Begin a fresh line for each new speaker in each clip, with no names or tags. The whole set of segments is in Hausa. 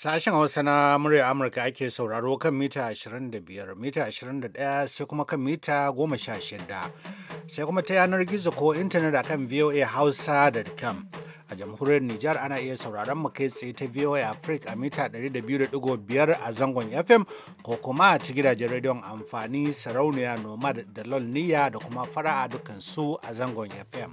Sashen Hausa na murya Amurka ake sauraro kan mita 25, mita 21 sai kuma kan mita 16. Sai kuma ta yanar gizo ko intanet a kan voahausa.com. A jamhuriyar Nijar ana iya sauraron mu kai tsaye ta VOA Africa a mita 200.5 a zangon FM ko kuma ta gidajen rediyon amfani sarauniya nomad da lol da kuma fara'a dukansu a zangon FM.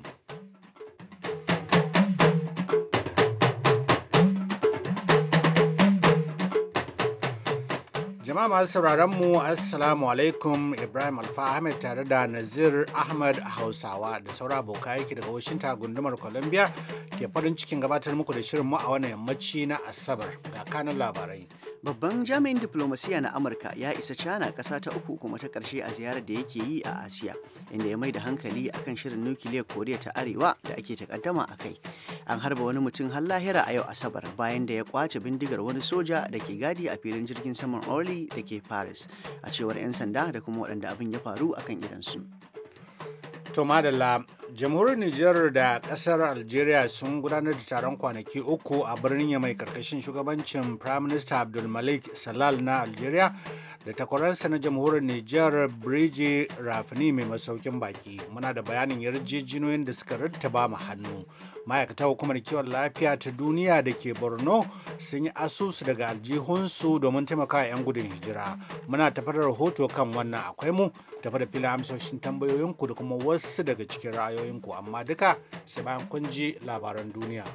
Jama'a masu sauraron mu Assalamu alaikum Ibrahim Alfa Ahmed tare da Nazir Ahmad Hausawa da saura aboka yake daga Washington gundumar Columbia ke farin cikin
gabatar muku da shirin mu a wannan yammaci na Asabar ga kanan labarai. Babban jami'in diplomasiya na Amurka ya isa China ƙasa ta uku kuma ta ƙarshe a ziyarar da yake yi a Asiya, inda ya mai da hankali akan shirin nukiliyar Koriya ta Arewa da ake takaddama a kai. An harba wani mutum har lahira a yau Asabar bayan da ya kwace bindigar wani soja da ke gadi a filin jirgin saman Orly da ke Paris, a cewar 'yan sanda da kuma waɗanda abin ya faru akan idansu.
To madalla jamhuriyar Nijar da kasar Algeria sun gudanar da taron kwanaki uku a birnin mai karkashin shugabancin Prime Minister Abdulmalik Salal na Algeria da takwaransa na jamhuriyar Nijar Brigi Rafini mai masaukin baki. Muna da bayanin yarjejeniyoyin da suka rattaba mu hannu. ma'aikata hukumar kiwon lafiya ta duniya da ke borno sun yi asusu daga aljihunsu domin taimaka 'yan gudun hijira muna tafar rahoto kan wannan akwai mu tafi da filin amsoshin tambayoyinku da kuma wasu daga cikin ra'ayoyinku amma duka sai bayan kun ji labaran duniya.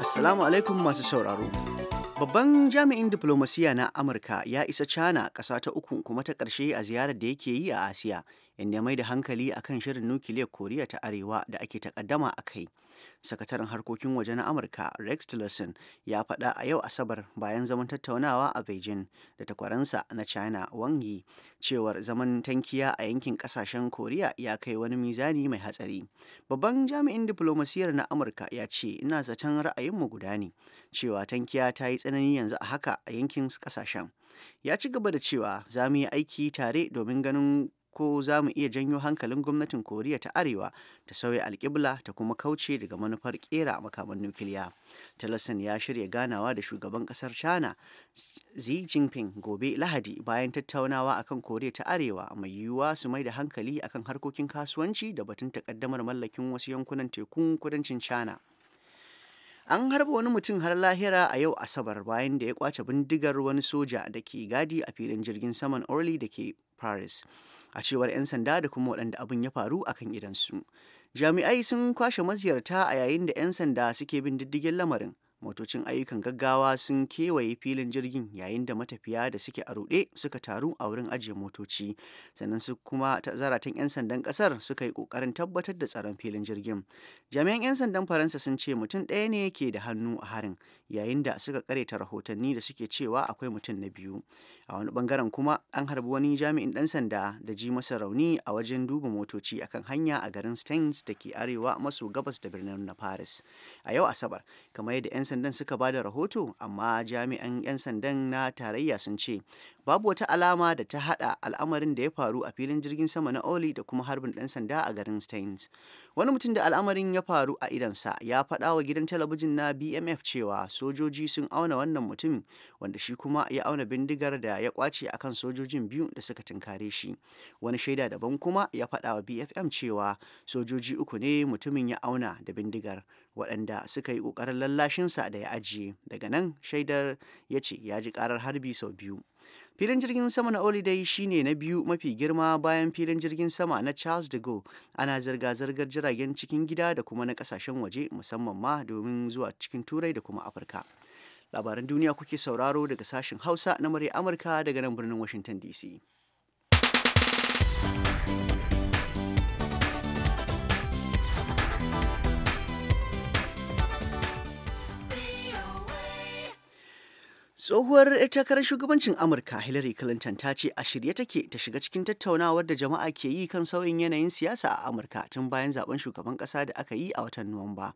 Assalamu alaikum masu sauraro. Babban jami'in diplomasiya na Amurka ya isa China ƙasa ta uku kuma ta ƙarshe a ziyarar da yake yi a Asiya, inda mai da hankali akan shirin nukiliyar Koriya ta Arewa da ake takaddama a kai. sakataren harkokin waje na amurka rex tillerson ya faɗa a yau asabar bayan zaman tattaunawa a beijing da takwaransa na china wang yi cewar zaman tankiya a yankin kasashen koriya ya kai wani mizani mai hatsari babban jami'in diplomasiyar na amurka ya ce ina zaton ra'ayinmu guda ne cewa tankiya ta yi tsanani yanzu a haka a yankin ƙasashen ya ci gaba da cewa za mu yi aiki tare domin ganin ko za mu iya janyo hankalin gwamnatin koriya ta arewa ta sauya alkibla ta kuma kauce daga manufar kera makaman nukiliya talasan ya shirya ganawa da shugaban kasar china xi jinping gobe lahadi bayan tattaunawa akan koriya ta arewa mai yiwuwa su mai da hankali akan harkokin kasuwanci da batun takaddamar mallakin wasu yankunan tekun kudancin china an harba wani mutum har lahira a yau asabar bayan da ya kwace bindigar wani soja da ke gadi a filin jirgin saman orly da ke paris a cewar 'yan sanda da kuma waɗanda abin ya faru a kan idansu jami'ai sun kwashe maziyarta a yayin da 'yan sanda suke bin diddigin lamarin motocin ayyukan gaggawa sun kewaye filin jirgin yayin da matafiya da suke a ruɗe suka taru a wurin ajiye motoci sannan su kuma zaratan 'yan sandan ƙasar suka yi kokarin tabbatar da tsaron filin jirgin jami'an 'yan sandan faransa sun ce mutum ɗaya ne ke da hannu a harin yayin da suka ƙareta rahotanni da suke cewa akwai mutum na biyu a wani bangaren kuma an harbi wani jami'in dan sanda da ji masa rauni a wajen duba motoci akan hanya a garin stains da ke arewa maso gabas da birnin na paris a yau asabar kamar yadda 'yan sandan suka ba da rahoto amma jami'an 'yan sandan na tarayya sun ce babu wata alama da ta hada al'amarin da ya faru a filin jirgin sama na oli da kuma harbin dan sanda a garin steins wani mutum da al'amarin ya faru a idansa ya fada wa gidan talabijin na bmf cewa sojoji sun auna wannan mutum wanda shi kuma ya auna bindigar da ya kwace akan sojojin biyu da suka tunkare shi wani shaida daban kuma ya fada wa bfm cewa sojoji uku ne mutumin ya auna da bindigar waɗanda suka yi ƙoƙarin lallashinsa da ya ajiye daga nan shaidar ya ce ya ji karar harbi sau biyu filin jirgin sama na holiday shine na biyu mafi girma bayan filin jirgin sama na charles de gaulle ana zirga-zirgar jiragen cikin gida da kuma na kasashen waje musamman ma domin zuwa cikin turai da kuma afirka labaran duniya kuke sauraro daga sashen hausa na murya amurka daga nan birnin washington dc Tsohuwar takarar shugabancin Amurka Hillary Clinton ta ce a shirye take ta shiga cikin tattaunawar da jama'a ke yi kan sauyin yanayin siyasa a Amurka tun bayan zaben shugaban kasa da aka yi a watan Nuwamba.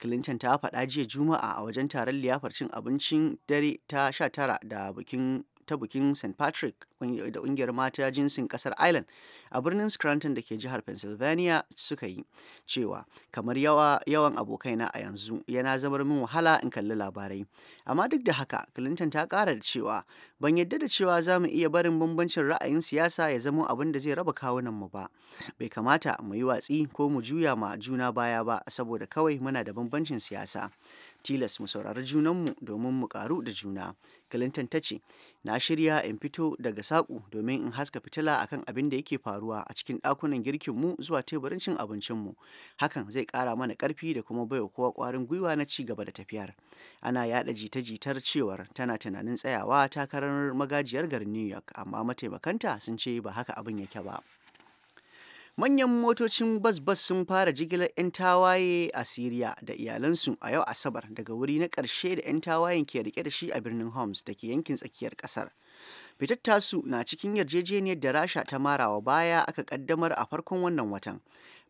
Clinton ta faɗa jiya Juma'a a wajen taron liyafar cin abincin dare ta 19 da bikin ta bikin St. Patrick da ƙungiyar mata jinsin ƙasar Ireland a birnin Scranton da ke jihar Pennsylvania suka yi cewa kamar yawa yawan abokaina a yanzu yana zamar min wahala in kalli labarai. Amma duk da haka Clinton ta kara da cewa ban yadda da cewa za mu iya barin bambancin ra'ayin siyasa ya zama abin da zai raba kawunan mu ba. Bai kamata mu yi watsi ko mu juya ma juna baya ba saboda kawai muna da bambancin siyasa. tilas mu saurari junanmu domin mu karu da juna clinton ta ce na shirya in fito daga saƙo domin in haska fitila akan abin da yake faruwa a cikin ɗakunan girkinmu zuwa teburin cin abincinmu hakan zai ƙara mana ƙarfi da kuma baiwa kowa ƙwarin gwiwa na ci gaba da tafiyar ana yaɗa jita-jitar cewar tana tunanin tsayawa takarar magajiyar garin new york amma mataimakanta sun ce ba haka abin yake ba manyan motocin bas-bas sun fara jigilar 'yan tawaye a siriya da iyalansu a yau asabar daga wuri na ƙarshe da 'yan tawayen ke rike da shi a birnin homs da ke yankin tsakiyar ƙasar fitar na cikin yarjejeniyar da rasha ta marawa baya aka kaddamar a farkon wannan watan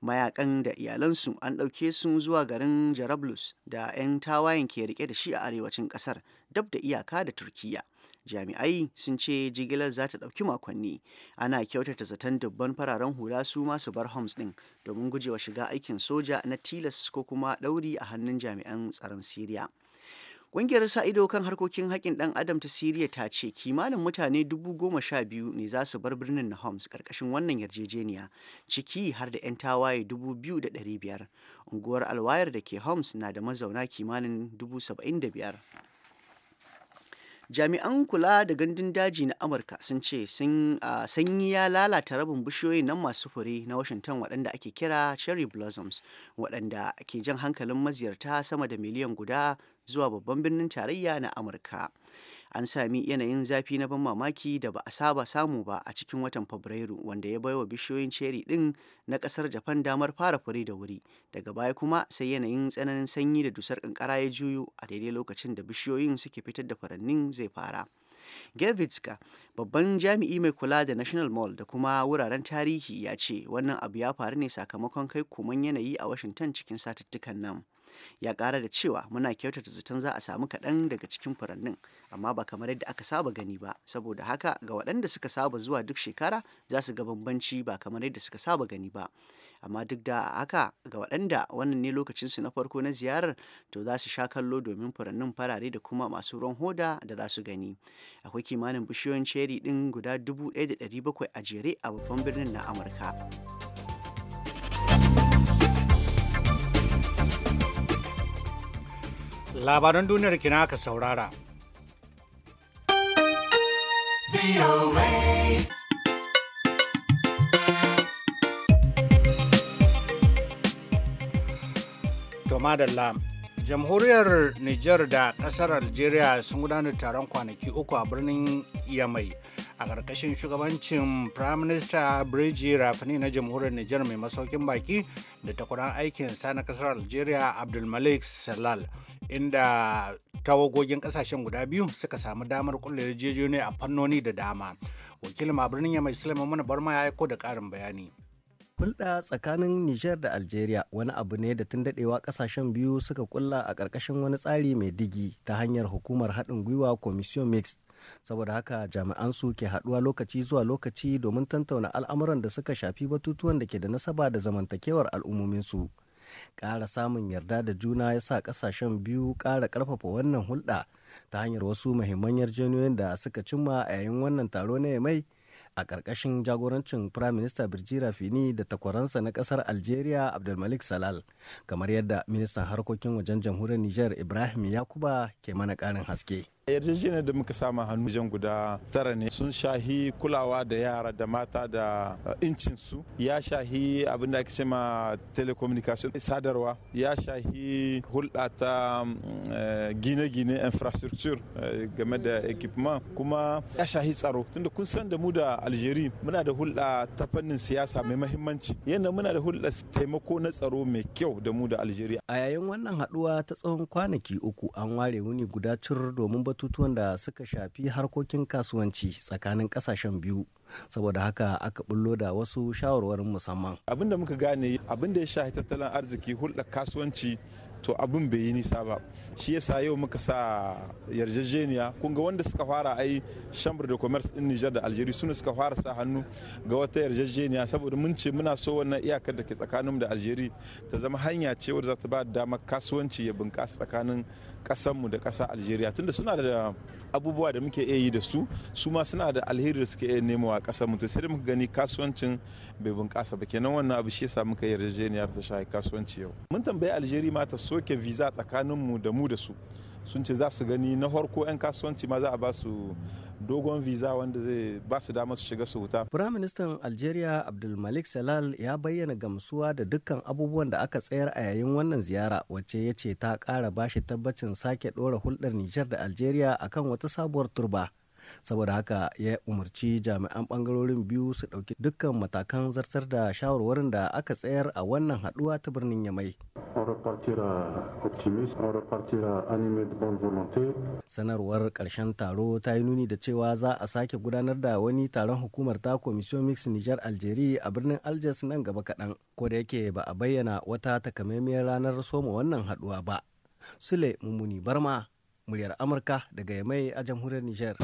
mayakan da iyalansu an ɗauke su zuwa garin jarablus da 'yan tawayen ke rike da shi a arewacin ƙasar dab da iyaka da turkiya jami'ai sun ce jigilar za ta ɗauki makonni ana kyautata zaton dubban fararen hula su masu bar homs ɗin domin gujewa shiga aikin soja na tilas ko kuma ɗauri a hannun jami'an tsaron siriya Ƙungiyar sa ido kan harkokin haƙƙin ɗan adam ta Siriya ta ce kimanin mutane dubu goma sha biyu ne za su bar birnin na Homs ƙarƙashin wannan yarjejeniya ciki har da 'yan tawaye dubu biyu da ɗari biyar. Unguwar alwayar da ke Homs na da mazauna kimanin dubu saba'in da biyar. jami'an kula da gandun daji na amurka sun ce sanyi ya lalata rabin bishiyoyi nan masu fure na washington waɗanda ake kira cherry blossoms waɗanda ke jan hankalin maziyarta sama da miliyan guda zuwa babban birnin tarayya na amurka an sami yanayin zafi na ban mamaki da ba a saba samu ba a cikin watan fabrairu wanda ya baiwa bishiyoyin cherry din na kasar japan damar fara fure da wuri daga baya kuma sai yanayin tsananin sanyi da dusar kankara ya juyo a daidai lokacin da bishiyoyin suke fitar da furannin zai fara Gevitska babban jami'i mai kula da National Mall da kuma wuraren tarihi ya ce wannan abu ya faru ne sakamakon kai kuman yanayi a Washington cikin satuttukan nan. ya kara da cewa muna kyautata zaton za a samu kaɗan daga cikin furannin amma ba kamar yadda aka saba gani ba saboda haka ga waɗanda suka saba zuwa duk shekara za su ga bambanci ba kamar yadda suka saba gani ba amma duk da haka ga waɗanda wannan ne lokacin su na farko na ziyarar to za su sha kallo domin furannin farare da kuma masu ruwan hoda da za su gani akwai kimanin bishiyoyin ceri ɗin guda dubu 1,700 a jere a babban birnin na amurka
labaran duniyar kina aka saurara. tomadala jamhuriyar Nijar da ƙasar Algeria sun gudanar taron kwanaki uku a birnin Yamai. a ƙarƙashin shugabancin prime minister birji rafini na jamhuriyar nijar mai masaukin baki da takwaran sa na ƙasar algeria abdulmalik salal inda tawagogin kasashen guda biyu suka samu damar kulle yarjejeniya a fannoni da dama wakilin ma birnin yamai sulaiman mana barma ya aiko da karin bayani
hulɗa tsakanin niger da Algeria wani abu ne da tun daɗewa ƙasashen biyu suka kulla a ƙarƙashin wani tsari mai digi ta hanyar hukumar haɗin gwiwa Commission mix saboda haka jami'an su ke haɗuwa lokaci zuwa lokaci domin tantauna al'amuran da suka shafi batutuwan da ke da nasaba da zamantakewar al'ummomin su ƙara samun yarda da juna ya sa ƙasashen biyu ƙara ƙarfafa wannan hulɗa ta hanyar wasu mahimman yarjejeniyoyin da suka cimma a yayin wannan taro na mai a ƙarƙashin jagorancin Prime Minister Birjira Fini da takwaransa na ƙasar Algeria Abdulmalik Salal, kamar yadda ministan harkokin wajen jamhuriyar Nijar Ibrahim Yakuba ke mana ƙarin haske.
yarjejeniyar da muka samu hannu wajen guda tara ne sun shahi kulawa da yara da mata da eh, incinsu ya shahi abin da ake cema telecommunication sadarwa ya shahi hulɗa ta mm, eh, gine-gine infrastructure eh, game da equipment kuma ya shahi tsaro tunda kun san da mu da algeria muna da hulɗa ta fannin siyasa mai mahimmanci yadda muna da hulɗa taimako na tsaro mai kyau da mu da algeria a
yayin wannan haɗuwa ta tsawon kwanaki uku an ware wuni guda cur domin batutuwan da suka shafi harkokin kasuwanci tsakanin kasashen biyu saboda haka aka bullo da
wasu shawarwarin musamman abin da muka gane abin da ya shafi tattalin arziki hulɗar kasuwanci to abin bai yi nisa ba shi yasa yau muka sa yarjejeniya kun ga wanda suka fara ai chambre de commerce din Niger da Algeria suna suka fara sa hannu ga wata yarjejeniya saboda mun ce muna so wannan iyakar da ke tsakaninmu da Algeria ta zama hanya ce wadda za ta ba da damar kasuwanci ya bunƙasa tsakanin kasanmu da ƙasa algeria tunda suna da abubuwa da muke iya yi da su su ma suna da alheri da suke iya nemawa a ƙasarmu sai muka gani kasuwancin bai bunƙasa ba kenan wannan abu shi yasa muka yarjejeniyar ta shi kasuwanci yau mun tambayi algeria ma ta soke visa tsakaninmu da mu mu da su sun ce za su gani na farko 'yan kasuwanci ma za a ba su dogon visa wanda zai ba su damar su shiga su wuta. Firaministan Algeria
Abdulmalik Salal ya bayyana gamsuwa da dukkan abubuwan da aka tsayar a yayin wannan ziyara wacce ya ce ta ƙara bashi tabbacin sake ɗora hulɗar Nijar da Algeria akan wata sabuwar turba. saboda haka ya umarci jami'an bangarorin biyu su ɗauki dukkan matakan zartar da shawarwarin da aka tsayar a wannan haɗuwa ta birnin yamai sanarwar ƙarshen taro ta yi nuni da cewa za a sake gudanar da wani taron hukumar ta commission mix niger algeria a birnin algiers nan gaba kaɗan ko da yake ba a bayyana wata takamaimiyar ranar soma wannan haɗuwa ba sule mummuni barma muryar amurka daga yamai a jamhuriyar
niger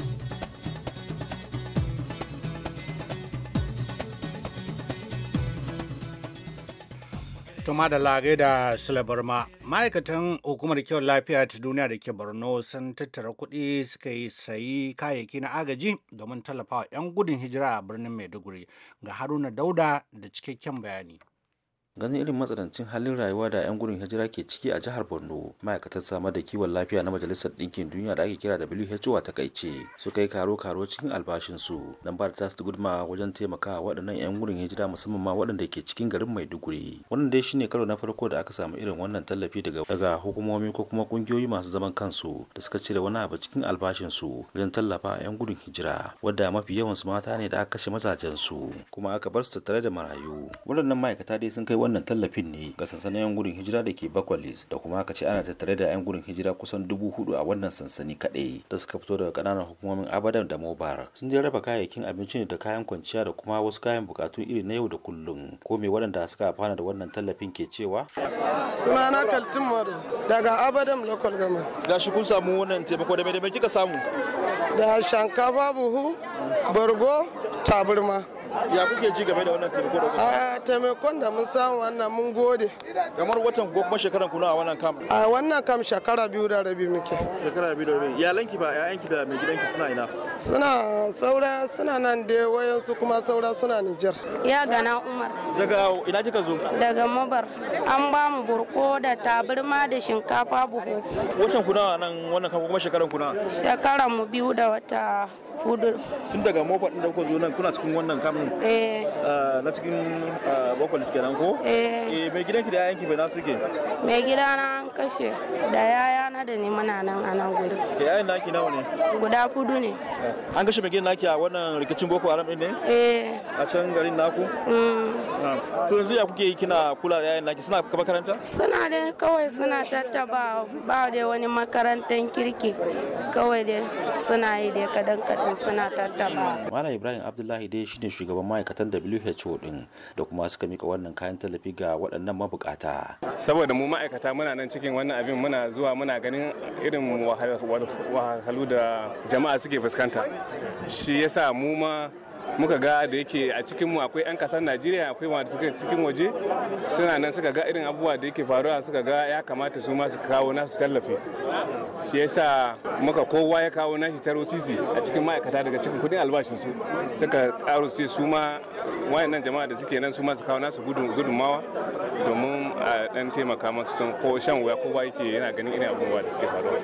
To da da sulebarma ma'aikatan hukumar kiwon lafiya ta duniya da ke borno sun tattara kuɗi suka yi sayi kayayyaki na agaji domin tallafawa 'yan gudun hijira a birnin maiduguri ga haruna dauda da cikakken bayani
ganin irin matsanancin halin rayuwa da 'yan gudun hijira ke ciki a jihar borno ma'aikatar samar da kiwon lafiya na majalisar ɗinkin duniya da ake kira da who a takaice su kai karo karo cikin albashinsu don ba da tasu gudma wajen taimakawa waɗannan 'yan gudun hijira musamman ma waɗanda ke cikin garin maiduguri wannan dai shine karo na farko da aka samu irin wannan tallafi daga daga hukumomi ko kuma kungiyoyi masu zaman kansu da suka cire wani abu cikin albashinsu wajen tallafa a 'yan gudun hijira wadda mafi yawan mata ne da aka kashe mazajensu kuma aka bar su tattare da marayu waɗannan ma'aikata dai sun kai wannan tallafin ne ga sansanin yan gudun hijira da ke bakwalis da kuma aka ce ana tattare da yan gudun hijira kusan dubu hudu a wannan sansani kadai da suka fito daga kananan hukumomin abadan da mobar sun je raba kayayyakin abinci da kayan kwanciya da kuma wasu kayan bukatu iri na yau da kullum ko me waɗanda suka amfana da wannan tallafin ke cewa
sunana kaltin maro. daga abadan local gama
gashi kun samu wannan taimako da me kika samu
da shankafa buhu bargo taburma
ya kuke ji game da wannan taimako da kuma a
ah, taimakon da mun samu wannan mun gode kamar watan ko kuma shekaran kuna a wannan kam a wannan kam shekara biyu da rabi muke
shekara biyu da rabi iyalanki ba yayanki da mai gidanki
suna ina suna saura suna nan da su kuma saura suna Nijar ya gana
Umar
daga ina
kika zo
daga Mabar an ba mu burko da tabarma da shinkafa buhu
watan kuna nan wannan kam kuma shekaran kuna shekaran mu biyu da wata hudu tun daga Mabar din da kuka zo nan kuna cikin wannan kamun Eh. Eh, na cikin Bokolis eh, kenan ko? Eh mai gidan ki da yayan ki na suke? Mai gida
na an kashe da yaya na da ni muna nan a nan guri.
Ke yayan naki nawa ne?
Guda kudu ne.
An kashe mai gidan naki a wannan rikicin Boko Haram din ne? Eh. A can garin naku?
Mm.
To yanzu ya kuke yi kina kula da yayan naki suna makaranta? Suna
dai kawai suna tattaba ba da wani makarantan kirki kawai dai suna
yi dai kadan kadan suna
tattaba. Malam Ibrahim Abdullahi dai shine shi. shugaban ma'aikatan WHO din da kuma suka mika wannan kayan tallafi ga waɗannan mabukata.
Saboda mu ma'aikata muna nan cikin wannan abin muna zuwa muna ganin irin wahalhalu da jama'a suke fuskanta. Shi yasa mu ma muka ga da yake a cikin mu akwai 'yan kasar najeriya akwai wanda suka cikin waje suna nan suka ga irin abubuwa da yake faruwa suka ga ya kamata su ma su kawo nasu tallafi shi yasa muka kowa ya kawo nashi taro sisi a cikin ma'aikata daga cikin kudin albashin su suka karu ce su ma nan jama'a da suke nan su ma su kawo nasu gudunmawa domin a dan taimaka masu don ko shan wuya kowa yake yana ganin irin abubuwa da suke faruwa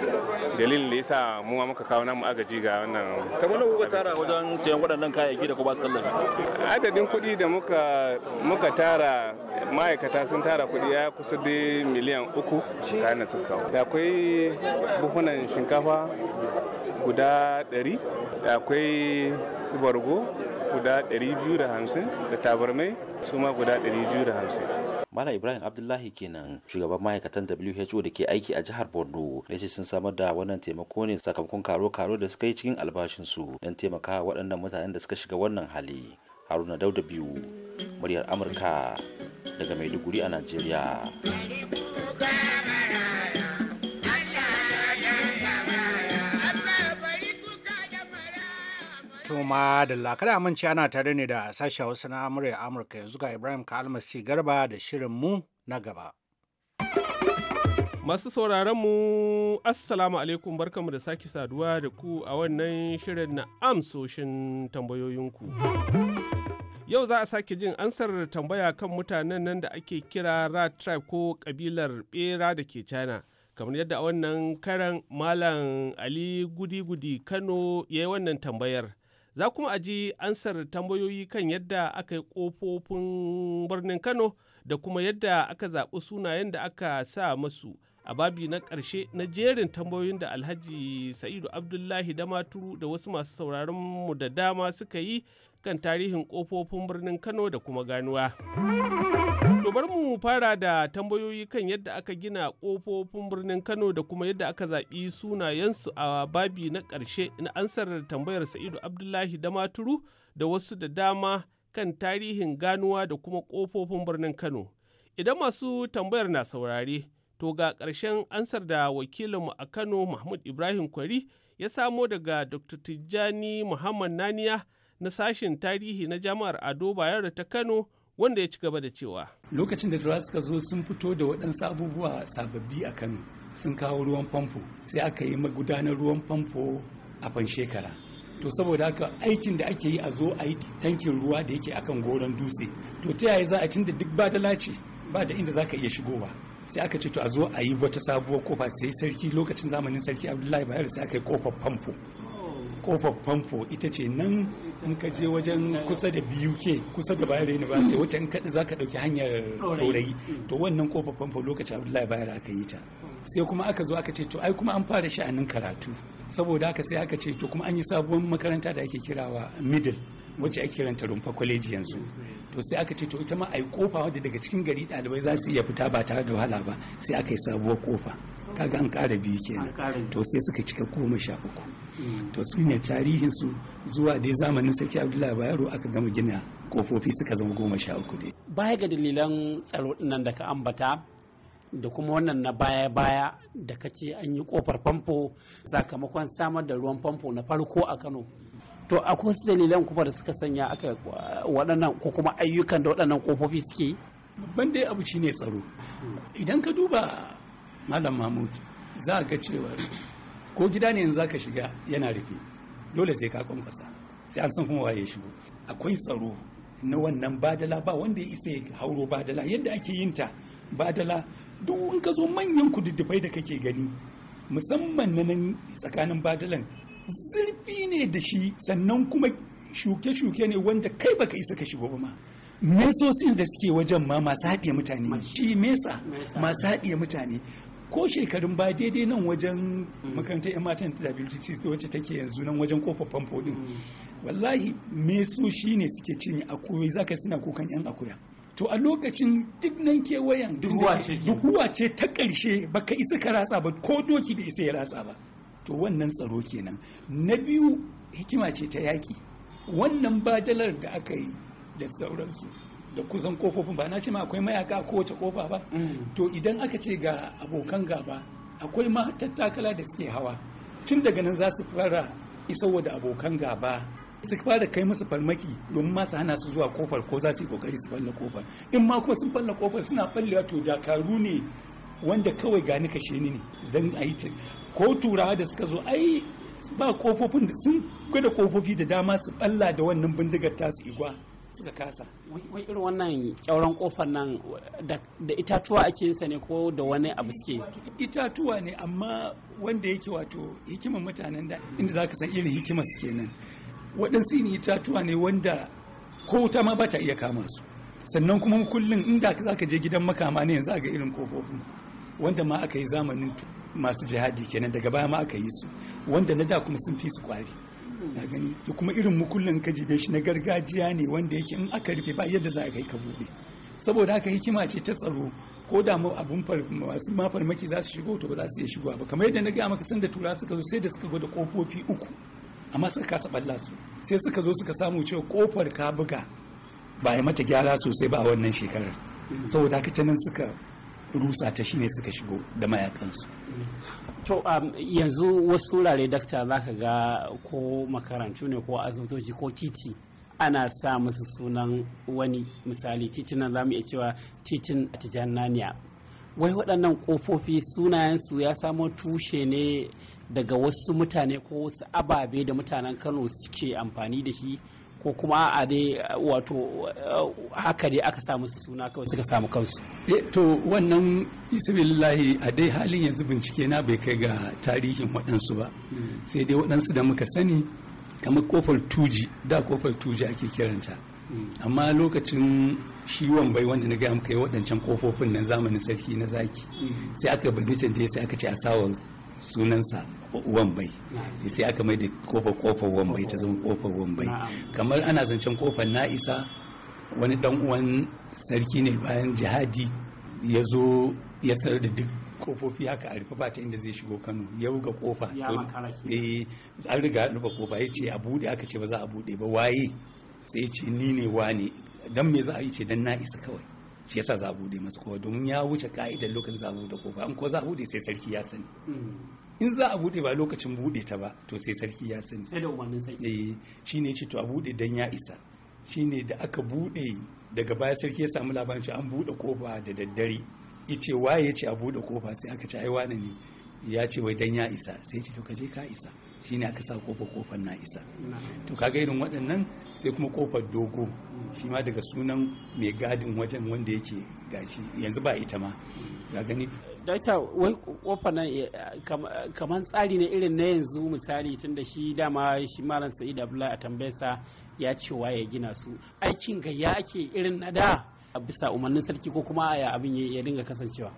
dalilin da yasa mu ma muka kawo namu agaji ga wannan kamar na kuka tara wajen sayan waɗannan kayayyaki ko ba su tallafi adadin kuɗi da muka muka tara ma'aikata sun tara kuɗi ya kusa da miliyan uku kayan suka da akwai buhunan shinkafa guda ɗari da akwai su bargo guda 250 da tabarmai
su ma guda 250 Mala Ibrahim Abdullahi kenan shugaban ma'aikatan WHO da ke aiki a jihar Borno ya ce sun samar da wannan taimako ne sakamakon karo-karo da suka yi cikin albashinsu don taimakawa waɗannan mutanen da suka shiga wannan hali. Haruna Dauda biyu muryar Amurka daga Maiduguri a Najeriya.
Tuma da lakada amince ana tare ne da sashen wasu na a Amurka yanzu ga Ibrahim Kalmasi Garba da shirin mu na gaba.
Masu sauraron mu Assalamu alaikum barkanmu da sake saduwa da ku a wannan shirin na amsoshin tambayoyinku. Yau za a sake jin ansar tambaya kan mutanen nan da ake kira rat tribe ko kabilar bera da ke China. kamar yadda a wannan karan malam ali gudi-gudi kano ya yi wannan tambayar Za kuma a ji ansar tambayoyi kan yadda aka yi ƙofofin birnin Kano da kuma yadda aka zaɓi sunayen da aka sa masu a babi na ƙarshe na jerin tambayoyin da Alhaji Sa'idu Abdullahi Damaturu da wasu masu sauraron mu da dama suka yi kan tarihin ƙofofin birnin Kano da kuma ganuwa. To bari mu fara da tambayoyi kan yadda aka gina ƙofofin birnin Kano da kuma yadda aka zaɓi sunayensu a babi na ƙarshe na ansar tambayar Sa'idu Abdullahi Damaturu da wasu da dama kan tarihin ganuwa da kuma ƙofofin birnin Kano. Idan masu tambayar na saurare, to ga ƙarshen ansar da wakilinmu a Kano Mahmud Ibrahim Kwari ya samo daga Dr. Tijjani Muhammad Naniya na sashen tarihi na jami'ar Ado Bayero ta Kano wanda ya ci gaba da cewa.
Lokacin da turawa suka zo sun fito da waɗansu abubuwa sababbi a Kano sun kawo ruwan famfo sai aka yi magudanar ruwan famfo a fan shekara. To saboda haka aikin da ake yi a zo a yi tankin ruwa da yake akan goron dutse. To ta yaya za a tunda duk ba da laci ba da inda za ka iya shigowa. sai aka ce to a zo a yi wata sabuwar kofa sai sarki lokacin zamanin sarki abdullahi bayar sai aka yi kofar famfo kofar famfo ita ce nan in ka je wajen kusa da BUK kusa da Bayero University wacce in kaɗi za ka ɗauki hanyar ɗorayi hmm. to wannan kofar famfo lokacin Abdullahi Bayero aka yi ta hmm. sai kuma aka zo aka ce to ai kuma an fara sha'anin karatu saboda haka sai aka ce to kuma an yi sabuwar makaranta da ake kirawa middle hmm. wacce ake kiranta rumfa kwaleji yanzu to sai aka ce to ita ma a yi kofa wadda daga cikin gari ɗalibai za su iya fita ba tare da wahala ba sai aka yi sabuwar kofa kaga an ƙara biyu kenan to sai suka cika goma sha uku to su ne tarihin su zuwa dai zamanin sarki abdullahi bayero aka gama gina kofofi suka zama goma sha uku dai
baya ga dalilan tsaro nan da ka ambata da kuma wannan na baya-baya da ka ce an yi kofar famfo sakamakon samar da ruwan famfo na farko a kano to akwai wasu dalilan kuma da suka sanya aka uh, waɗannan ko kuma ayyukan da waɗannan kofofi suke babban dai abu shine tsaro idan ka duba
malam mahmud za ga cewa ko gida ne yanzu zaka shiga yana rufe dole sai ka kwankwasa sai an san kuma waye shigo akwai tsaro na wannan badala ba wanda ya isa ya hauro badala yadda ake yin ta badala duk in ka zo manyan kududdufai da kake gani musamman na nan tsakanin badalan zurfi ne da shi sannan kuma shuke-shuke ne wanda kai baka isa ka shigo ba ma mesosin da suke wajen ma masu haɗe mutane shi mesa masu haɗe mutane ko shekarun ba daidai nan wajen makarantar 'yan matan WTC da wacce take yanzu nan wajen kofar famfo din wallahi me su shi ne suke cinye za ka suna kukan 'yan akuya to a lokacin duk nan kewayen duhuwa ce ta ƙarshe baka isa ka ratsa ba ko doki bai isa ya ratsa ba to wannan tsaro kenan na biyu hikima ce ta yaki, wannan badalar da aka yi da sauransu da kusan kofofin ba na ce ma akwai mayaka kowace kofa ba mm. to idan aka ce ga abokan gaba akwai ma tattakala da suke hawa tun daga nan za su fara wa da abokan gaba su fara kai musu farmaki domin ma su hana su zuwa kofar ko za su yi kokari su falla kofar in ma kuma sun falla kofar suna fallewa to dakaru ne wanda kawai gani kashe ni ne don a yi ko turawa da suka zo ai ba kofofin sun gwada kofofi da dama su balla da wannan bindigar tasu igwa suka
kasa wai irin wannan kyauran kofar nan da itatuwa ake sa ne ko da wani abu suke itatuwa ne amma wanda yake wato hikimar mutanen da inda za ka san irin hikimar
su kenan waɗansu ne itatuwa ne wanda ko wuta ma ba ta iya kama su sannan kuma kullum inda za ka je gidan makama ne yanzu ga irin kofofin wanda ma aka yi zamanin masu jihadi kenan daga baya ma aka yi su wanda na da kuma sun fi su kwari na gani da kuma irin mukullin ka jibe shi na gargajiya ne wanda yake in aka rufe ba yadda za a kai ka bude saboda haka hikima ce ta tsaro ko da abun masu mafarmaki za su shigo to ba za su iya shigowa ba kamar yadda na gaya maka sanda tura suka zo sai da suka gwada kofofi uku amma suka kasa balla su sai suka zo suka samu cewa kofar ka buga ba ya mata gyara sosai ba a wannan shekarar saboda haka ta suka rusa ta shine suka shigo da mayakansu
to um, yanzu wasu wurare dakta za ka ga ko makarantu ne ko asibitoci ko titi ana sa musu sunan wani misali titin nan za mu iya cewa titin tijjaniya wai waɗannan ƙofofi sunayensu ya samo tushe ne daga wasu mutane ko wasu ababe da mutanen kano suke amfani da shi ko kuma a dai wato haka dai aka samu su suna kawai suka samu kansu
eh, to wannan isabillahi a dai halin yanzu bincike na bai kai ga tarihin waɗansu ba hmm. sai dai waɗansu da muka sani kamar kofar tuji da kofar tuji ake kiranta hmm. amma lokacin shi bai wanda na gaya muka yi waɗancan kofofin nan zamanin sarki na zaki hmm. sai aka bincin da sai aka ce a sawa sunansa wambai sai aka mai da kofa kofar wambai ta zama kofar wambai kamar ana zancen kofar na'isa wani dan uwan sarki ne bayan jihadi ya zo ya tsar da duk kofofi haka a rufe ta inda zai shigo kano ya ruga kofa eh, an riga rufe kofa ya ce a bude aka ce ba za a bude ba waye sai ya ce ni ne ne? dan me za a yi ce dan Na'isa kawai shi yasa za a bude masa kowa domin ya wuce ka'idar lokacin za a bude kofa in ko za a bude sai sarki ya sani hmm. in za a bude ba lokacin bude ta ba to sai sarki ya sani sai da umarnin sarki eh shine yace to a bude dan ya isa shine da aka bude daga baya sarki ya samu labarin cewa an bude kofa da daddare yace waye ce a bude kofa sai aka ce ai wani ne ya ce wai dan ya isa sai ce to ka je ka isa shine aka sa kofar kofar na isa to kaga irin waɗannan sai kuma kofar dogo shi ma daga sunan mai gadin wajen wanda yake gashi yanzu ba ita ma ya gani
daita wai kofa nan eh, kamar tsari ne irin na yanzu misali tunda shi dama shi malam sa'id abdullahi a tambayarsa ya ce wa ya gina su aikin gayya ke irin na da bisa umarnin sarki ko kuma ya abin ya dinga kasancewa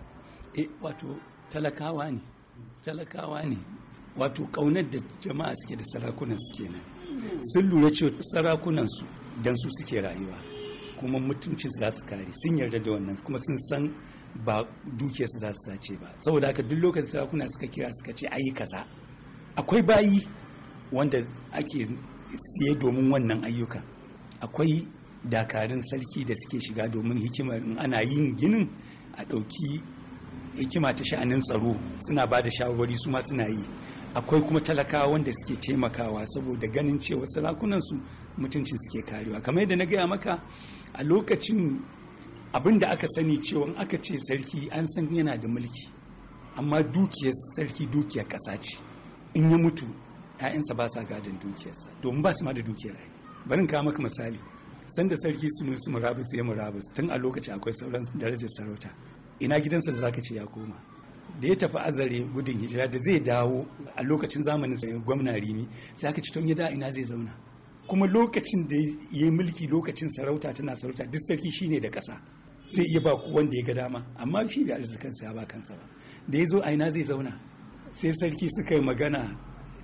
eh wato talakawa ne talakawa ne
wato kaunar da jama'a suke da sarakunan suke nan sun lura cewa sarakunan su dan su suke rayuwa kuma mutuncin za su kare sun yarda da wannan kuma sun san ba dukiyar su za su sace ba saboda haka duk lokacin sarakuna suka kira suka ce ayi kaza akwai bayi wanda ake siye domin wannan ayyuka akwai dakarun sarki da suke shiga domin hikimar in ana yin ginin a ɗauki hikima ta sha'anin tsaro suna ba da shawarwari su ma suna yi akwai kuma talakawa wanda suke taimakawa saboda ganin cewa sarakunan su mutuncin suke karewa kamar yadda na gaya maka a lokacin abin da aka sani cewa aka ce sarki an san yana da mulki amma dukiyar sarki dukiyar kasa ce in ya mutu 'ya'yansa ba sa gadon dukiyarsa domin ba su ma da dukiyar ai barin kawo maka misali sanda sarki sunusu murabus ya murabus tun a lokacin akwai sauran darajar sarauta ina gidansa za ka ce ya koma da ya tafi azare gudun hijira da zai dawo a lokacin zamanin gwamna rimi sai aka ci to da ina zai zauna kuma lokacin da ya yi mulki lokacin sarauta tana sarauta duk sarki shi ne da kasa zai iya ba wanda ya ga dama amma shi bai arzikansa ya ba kansa ba da ya zo a ina zai zauna sai sarki suka yi magana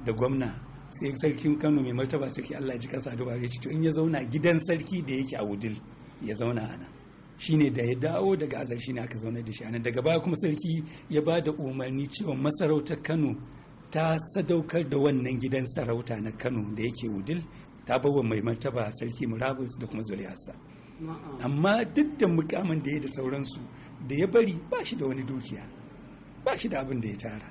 da gwamna sai sarkin kano mai martaba sarki allah ji kasa da bare to in ya zauna gidan sarki da yake a wudil ya zauna a nan shine da ya dawo daga azar shine aka zaune da shi daga baya kuma sarki ya ba da umarni cewa masarautar kano ta sadaukar da wannan gidan sarauta na kano da yake wudil ta bawa mai martaba sarki murabus da kuma zuriyarsa amma duk da mukamin da ya da sauransu da ya bari ba shi da wani dukiya ba shi da abin da ya tara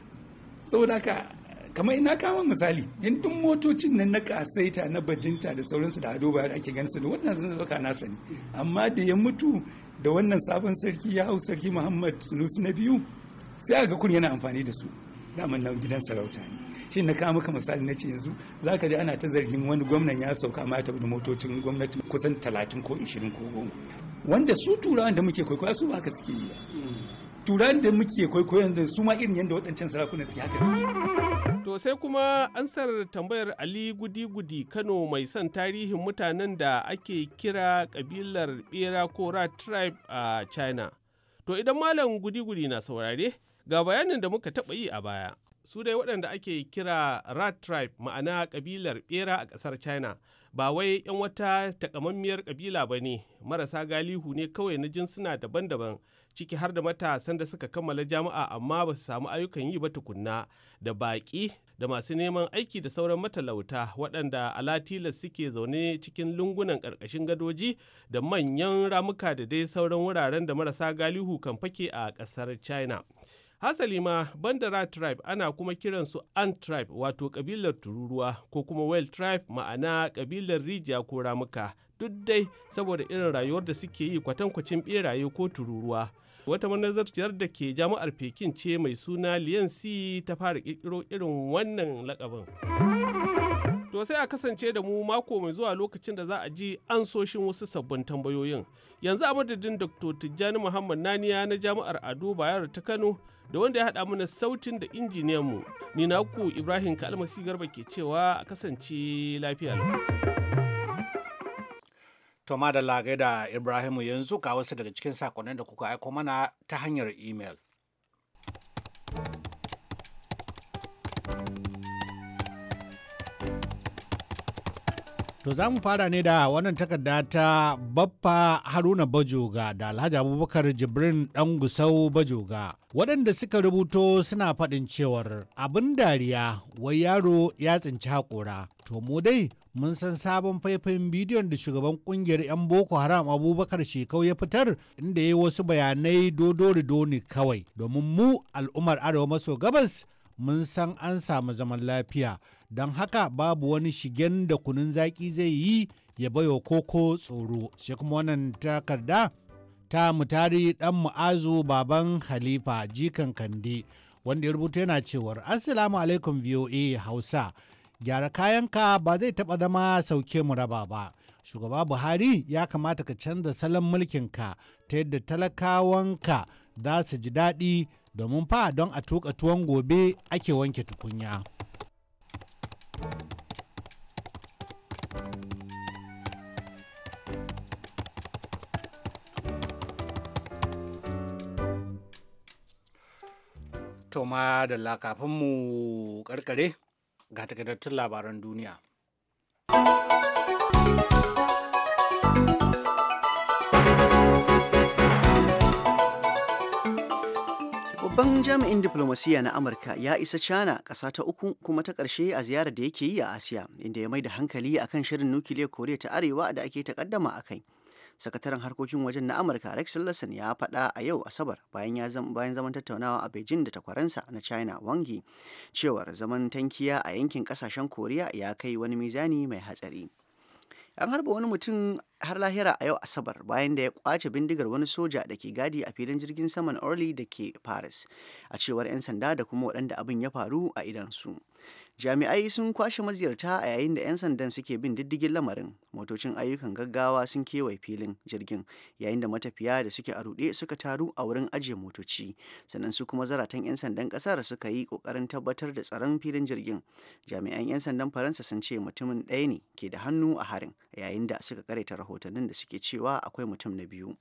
saboda haka kamar ina kama misali in duk motocin nan na kasaita na bajinta da sauransu da ado bayan ake ganin su da wannan sun zaka nasa ne amma da ya mutu da wannan sabon sarki ya hau sarki muhammad sunusu na biyu sai a ga kun yana amfani da su daman nan gidan sarauta ne shi na kawo maka misali na ce yanzu za ka ji ana ta zargin wani gwamnan ya sauka ma ta motocin gwamnati kusan talatin ko ishirin ko goma wanda su turawan da muke kwaikwaya su ba ka suke yi ba turan da muke kwaikwayon da su ma
irin yadda waɗancan sarakunan su haka su. To sai kuma ansar tambayar Ali Gudi-Gudi Kano mai son tarihin mutanen da ake kira kabilar Bera Kora tribe a China. To idan Malam Gudi-Gudi na saurare, Ga bayanin da muka taɓa yi a baya, su dai waɗanda ake kira rat tribe ma'ana ƙabilar ɓera a ƙasar China ba wai 'yan wata takamammiyar ƙabila ba ne marasa galihu ne kawai na jinsuna daban-daban ciki har da matasan da suka kammala jami'a amma ba su samu ayyukan yi ba tukunna da baƙi da masu neman aiki da sauran matalauta waɗanda alatila suke zaune cikin lungunan ƙarƙashin gadoji da manyan ramuka da dai sauran wuraren da marasa galihu kan fake a ƙasar china Hasali ma Bandara tribe ana kuma kiransu Ant tribe wato kabilar tururuwa ko kuma Whale tribe ma'ana kabilar rijiya ko ramuka duk dai saboda irin rayuwar da suke yi kwatankwacin beraye ko tururuwa. Wata manazarciyar da ke jami'ar Pekin ce mai suna Liyan ta fara kirkiro irin wannan lakabin. To sai a kasance da mu mako mai zuwa lokacin da za a ji ansoshin wasu sabbin tambayoyin. Yanzu a madadin Dr. Tijjani Muhammad Naniya na Jami'ar Ado Bayero ta Kano da wanda ya haɗa mana sautin da injiniyan mu. na ku Ibrahim Kalmasi Garba ke cewa a kasance
lafiya lau. To da lagai da Ibrahimu yanzu ga wasu daga cikin sakonnin da kuka aiko mana ta hanyar imel. To za mu fara ne da wannan takarda ta Baffa Haruna Bajoga da Alhaji Abubakar Jibrin Dan Gusau Bajoga. Waɗanda suka rubuto suna faɗin cewar abin dariya wai yaro ya tsinci haƙora. To mu dai mun san sabon faifayin bidiyon da shugaban ƙungiyar 'yan Boko Haram Abubakar Shekau ya fitar inda ya yi wasu bayanai dodo ne kawai. Domin mu al'ummar Arewa maso gabas mun san an samu zaman lafiya. don haka babu wani shigen da kunun zaki zai yi ya baiwa koko tsoro shi kuma wannan takarda ta mutari dan mu'azu baban halifa jikan kande wanda ya rubuta yana cewar assalamu alaikum voa hausa gyara kayanka ba zai taɓa zama sauke mu raba ba shugaba buhari ya kamata ka canza salon mulkin ka. ta yadda talakawanka za su ji daɗi domin fa don a tuka tuwon gobe ake wanke tukunya. Toma da lakafinmu mu karkare ga takaitattun labaran duniya.
Babban jami'in diplomasiyya na Amurka ya isa China ƙasa ta uku kuma ta ƙarshe a ziyarar da yake yi a Asiya, inda ya mai da hankali akan shirin nukiliyar Koriya ta Arewa da ake takaddama a kai. sakataren harkokin wajen na amurka rex tillerson ya faɗa a yau asabar bayan bayan zaman tattaunawa a beijing da takwaransa na china Yi cewar zaman tankiya a yankin ƙasashen koriya ya kai wani mizani mai hatsari an harba wani mutum har lahira a yau asabar bayan da ya kwace bindigar wani soja da ke gadi a filin jirgin saman orly da ke paris a cewar 'yan sanda da kuma waɗanda abin ya faru a idan su. jami'ai sun kwashe maziyarta a yayin da 'yan sandan suke bin diddigin lamarin motocin ayyukan gaggawa sun kewaye filin jirgin yayin da matafiya da suke a ruɗe suka taru a wurin ajiye motoci sannan su kuma zaratan 'yan sandan ƙasar suka yi ƙoƙarin tabbatar da tsaron filin jirgin jami'an 'yan sandan faransa sun ce mutumin ɗaya ne ke da hannu a harin yayin da suka karyata rahotannin da suke cewa akwai mutum na biyu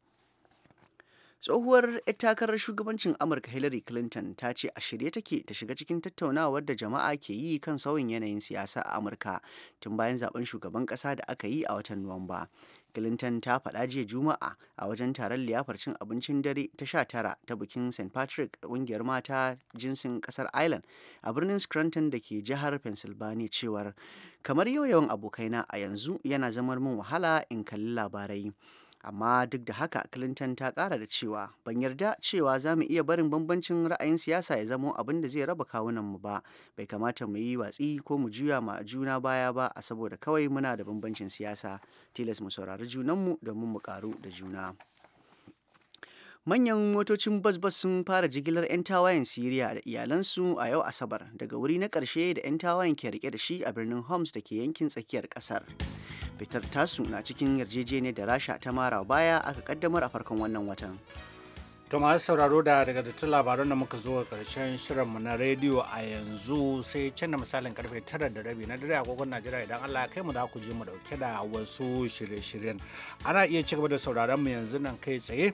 tsohuwar takarar shugabancin amurka hillary clinton ta ce a shirye take ta shiga cikin tattaunawar da jama'a ke yi kan sauyin yanayin siyasa a amurka tun bayan zaben shugaban kasa da aka yi a watan nuwamba clinton ta faɗa jiya juma'a a wajen taron liyafar cin abincin dare ta sha tara ta bikin st patrick ƙungiyar mata jinsin ƙasar ireland a birnin scranton da ke jihar pennsylvania cewar kamar yau yawan abokaina a yanzu yana zamar min wahala in kalli labarai amma duk da haka clinton ta kara da cewa ban yarda cewa za mu iya barin bambancin ra'ayin siyasa ya zamo abin da zai raba kawunanmu ba bai kamata mu yi watsi ko mu juya ma juna baya ba a saboda kawai muna da bambancin siyasa tilas mu saurari junanmu domin mu karu da juna manyan motocin bas-bas sun fara jigilar 'yan tawayen siriya da iyalansu a yau asabar daga wuri na ƙarshe da 'yan tawayen ke rike da shi a birnin homs da ke yankin tsakiyar ƙasar fitar tasu na cikin yarjejeniyar da rasha ta mara baya aka kaddamar a farkon wannan watan to masu sauraro da daga dattin labaran da muka zo karshen
shirinmu na rediyo a yanzu sai can da misalin karfe tara da rabi na dare agogon najeriya idan allah kai mu da ku je mu dauke da wasu shirye-shiryen ana iya cigaba da sauraron mu yanzu nan kai tsaye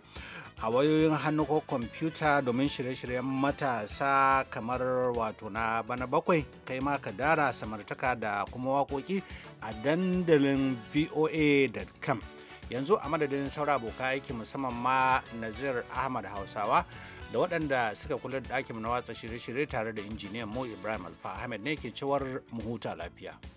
a wayoyin hannu ko kwamfuta domin shirye-shiryen matasa kamar wato na bana bakwai kai ma ka dara samartaka da kuma waƙoƙi a dandalin voa.com yanzu a madadin saura aboka aiki musamman ma nazir ahmad hausawa da waɗanda suka kula da ɗakin na watsa shirye-shirye tare da injiniyan mo ibrahim alfa ahmed ne ke cewar mu huta lafiya.